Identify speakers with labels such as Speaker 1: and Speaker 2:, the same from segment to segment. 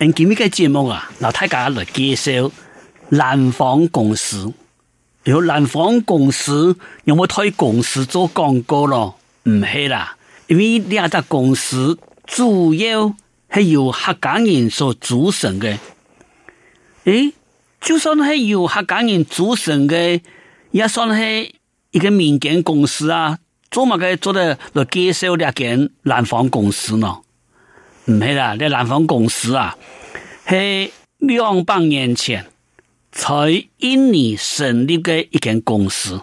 Speaker 1: 誒、嗯，今日嘅節目啊，由大家嚟介紹南方公司。有南方公司有冇推公司做廣告咯？唔係啦，因為呢家公司主要係由客家人所組成的誒、欸，就算係由客家人組成的也算係一個民間公司啊。做乜嘅做得嚟介紹呢間南方公司呢？唔係啦，你南方公司啊，係兩百年前在印尼成立嘅一間公司，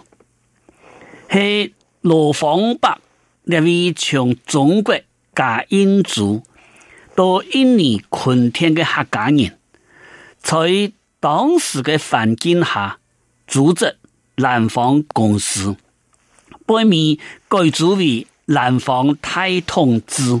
Speaker 1: 係羅芳伯呢位從中國嘉應州到印尼墾田嘅客家人，在當時的環境下組織南方公司，背面改組為南方大統制。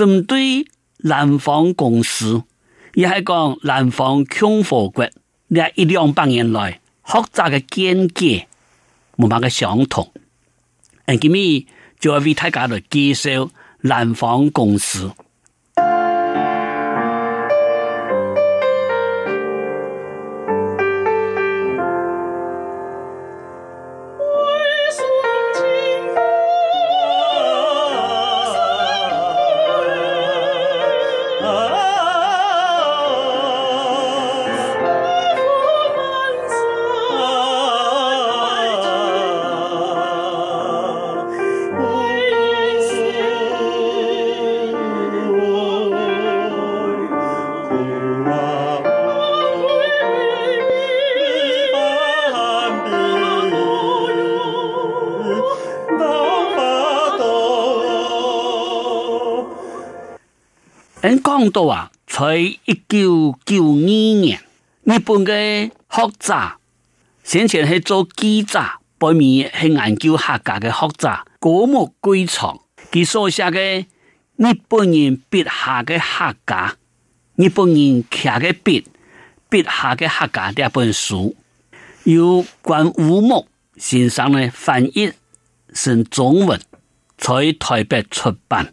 Speaker 1: 針對南方公司，也還講南方共和國，咧一兩百年來，學者的見解冇乜嘅相同。嗯，今日就要為大家來介紹南方公司。早在一九九二年，日本嘅學者上前去做記載，本面係研究客家嘅學者高木桂藏，佢所寫嘅日本人筆下嘅客家，日本人寫嘅筆筆下嘅客家呢本書，由關武木先生呢翻譯成中文，在台北出版。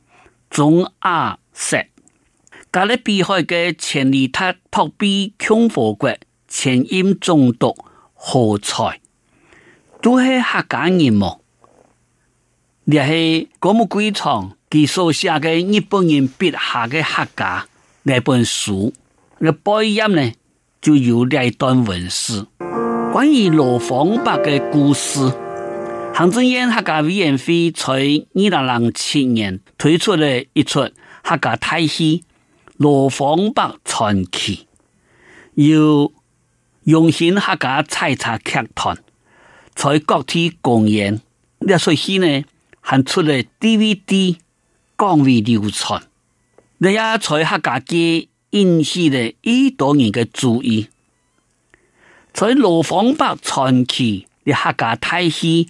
Speaker 1: 中阿、啊、石，加勒比海嘅千里塔托貝哥共和國，前任總督何塞，都係客家人物。你是國母鬼廠，佢所寫嘅日本人筆下的客家那本書，那配音呢就有那段文字，關於羅芳伯的故事。韓中演客家語言戲，在二零零七年推出了一出客家大戲《羅芳伯傳奇》，由永興客家採茶劇團在各地公演。呢出戲呢，還出了 DVD，廣為流傳。你也在客家界引起了一多人嘅注意。在羅芳伯傳奇的客家大戲。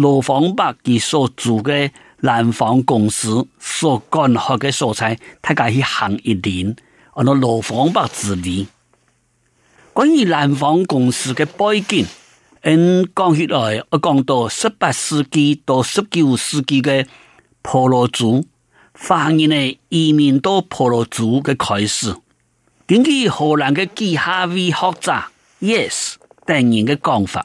Speaker 1: 羅芳伯所做的南方公司所幹活的素材，大概佢行一年，我諗羅芳伯治理。關於南方公司的背景，因、嗯、講起來我講到十八世紀到十九世紀的婆羅洲，翻嚟移民到婆羅洲的開始，根據荷蘭的吉哈維學者 Yes 等人的講法。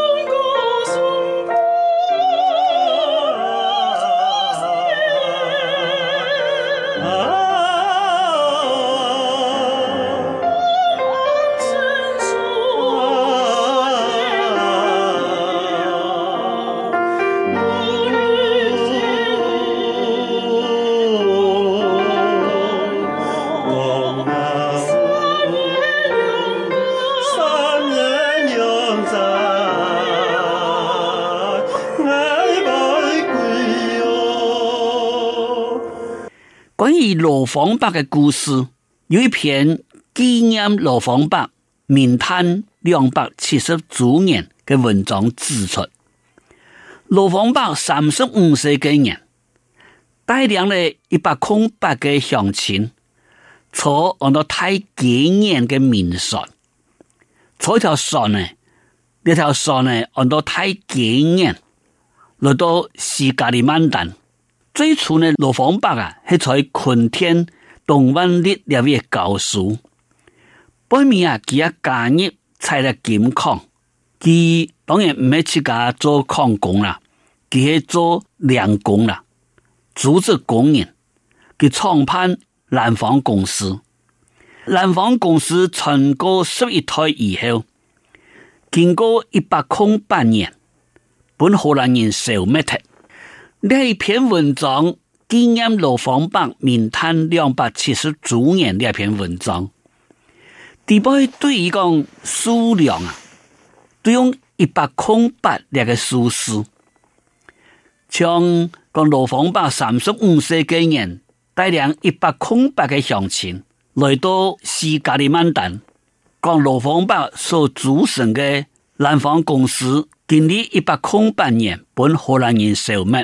Speaker 1: 關於羅芳伯嘅故事，有一篇《紀念羅芳伯面癱兩百七十周年》嘅文章指出，羅芳伯三十五歲嗰年帶領了一百空百嘅鄉親，坐按到太幾年嘅面船，坐條船呢，呢條船呢，按到太幾年，來到西加里曼丹。最初呢，羅芳伯啊，是在昆天東灣的兩位高叔。本面啊，佢啊，家業拆得金礦。佢當然唔係去家做礦工啦，佢係做糧工啦，組織工人，佢創辦蘭芳公司。蘭芳公司成功十一台以後，經過一百空半年，本荷蘭人笑咩嘢？那一篇文章，紀念羅芳伯明嘆兩百七十周年那一篇文章，對不對？對於講數量啊，對用一百空八那個數字，從講羅芳伯三十五歲嗰年，帶領一百空八嘅鄉親來到西加里曼丹，講羅芳伯所組成嘅南方公司，經歷一百空八年，本荷蘭人壽命。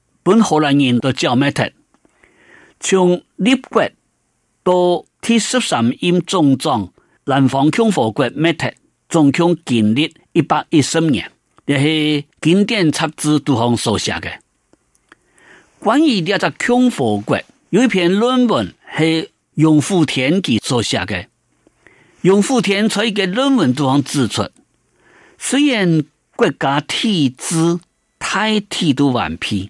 Speaker 1: 本荷蘭人都叫咩嘢？從立國到第十三任總長南方共和國，咩嘢？總共經歷一百一十年，也是經典雜枝都所寫下的關於呢一個共和國，有一篇論文是永富田所寫下嘅。永富田在嘅論文中指出，雖然國家體制大體都完備。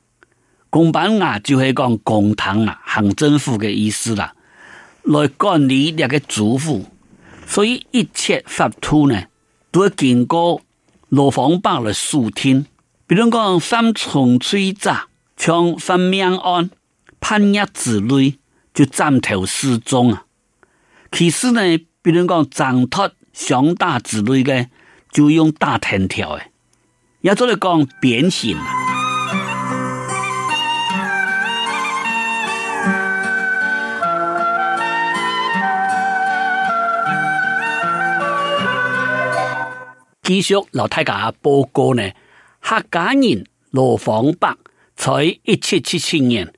Speaker 1: 公版啊，就係講公堂啊，行政府嘅意思啦，來管理呢個主婦，所以一切法度呢，都要經過羅芳伯嚟視聽。比如講三重追責，像分命案、叛逆之類，就斬頭示眾啊。其實呢，比如講斬托降大之類嘅，就用大藤條嘅，啊，也做嚟講鞭刑。繼續老太家報告呢。客家人羅芳伯在一七七七年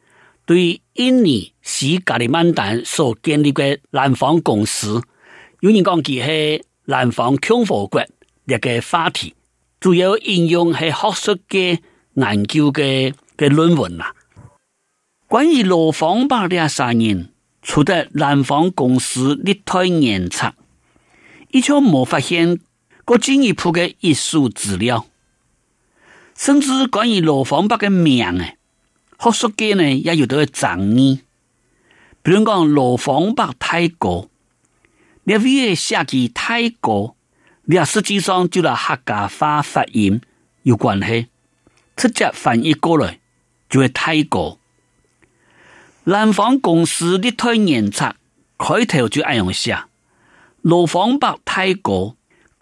Speaker 1: 對印尼西加里曼丹所建立嘅南方公司，有人講佢係南方共和國一個話題，主要應用係學術嘅研究嘅嘅論文啦。關於羅芳伯呢三年，除咗南方公司力推嚴查，以前冇發現。國金一鋪嘅一手資料，甚至關於羅芳伯嘅名呢，學術界呢也有得爭議。比如講羅芳伯太古，你因為寫嘅太古，你實際上就拉客家話發音有關係，直接翻譯過來就會太古。蘭芳公司嘅推演冊開頭就安樣寫：羅芳伯太古。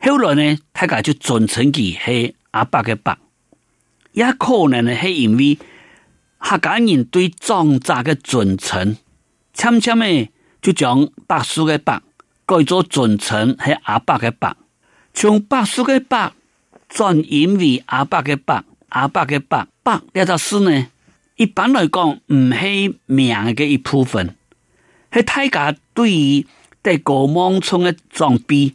Speaker 1: 後來呢，大家就尊稱佢係阿伯嘅伯，也可能呢，係因為客家人對長者嘅尊稱，悄悄咪就將伯叔嘅伯改做尊稱，係阿伯嘅伯。從伯叔嘅伯轉引為阿伯嘅伯，阿伯嘅伯。伯呢個字呢，一般來講唔係名嘅一部分，係大家對於對個盲從嘅裝逼。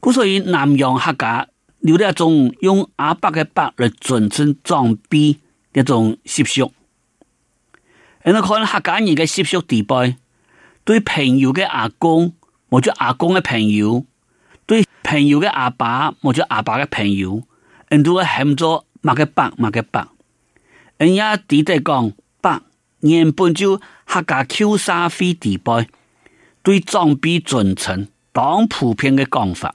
Speaker 1: 故所以南洋客家有咗一種用阿伯嘅伯嚟尊稱長輩嘅一種習俗，喺可能客家人嘅習俗地位，對朋友嘅阿公或者阿公嘅朋友，對朋友嘅阿爸或者阿爸嘅朋友，咁都係喊做馬嘅伯馬嘅伯，人也啲啲講伯，原本就客家 Q 沙飛地位對長輩尊稱，成當普遍嘅講法。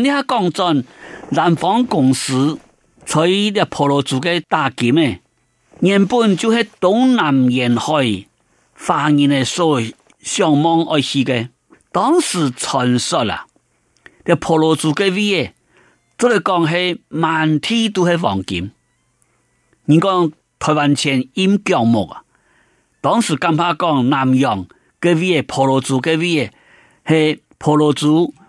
Speaker 1: 你喺講真南方公司在婆羅洲嘅打金誒，原本就係東南沿海，華人係所向往而起嘅。當時傳說啦，啲婆羅洲嘅位，做嚟講係滿地都係黃金。你講台灣錢淹腳目啊？當時更怕講南洋嘅位，婆羅洲嘅位，係婆羅洲。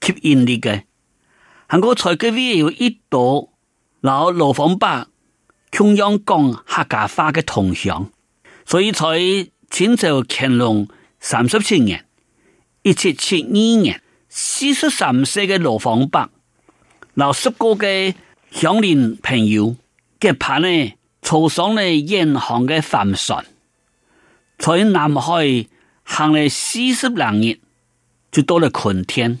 Speaker 1: 揭然呢嘅，喺我在佢邊有一朵老羅芳伯瓊樣講客家話嘅銅像，所以在清朝乾隆三十七年，一七七二年，四十三歲嘅羅芳伯，老十個嘅鄉鄰朋友嘅品呢，坐上了艷航嘅帆船，在南海行 42, 了四十兩日，就到了春天。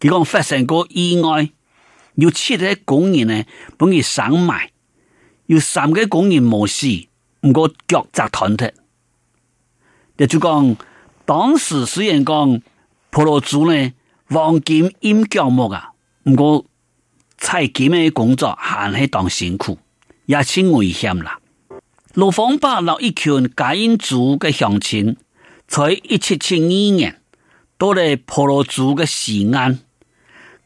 Speaker 1: 佢講發生個意外，有七個工人呢，幫佢上買有三個工人冇事，不過腳則斷咗。就講當時雖然講婆羅洲呢黃金引項目啊，唔過採金嘅工作還係當辛苦，也算危險啦。羅芳伯老一群嘉應州的鄉親，在一七七二年，年，到嚟婆羅洲的西岸。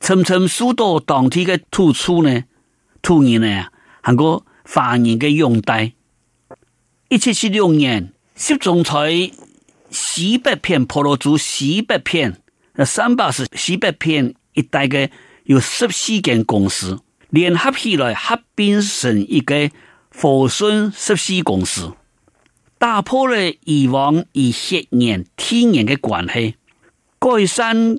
Speaker 1: 層層疏導，當地的突出呢，土人呢，很多方言嘅擁戴。一七七六年，集中在西北片、婆羅洲西北片、那三百四西北片一帶嘅有十四間公司，聯合起來合併成一個和順十四公司，打破了以往以血緣、天然嘅關係，改善。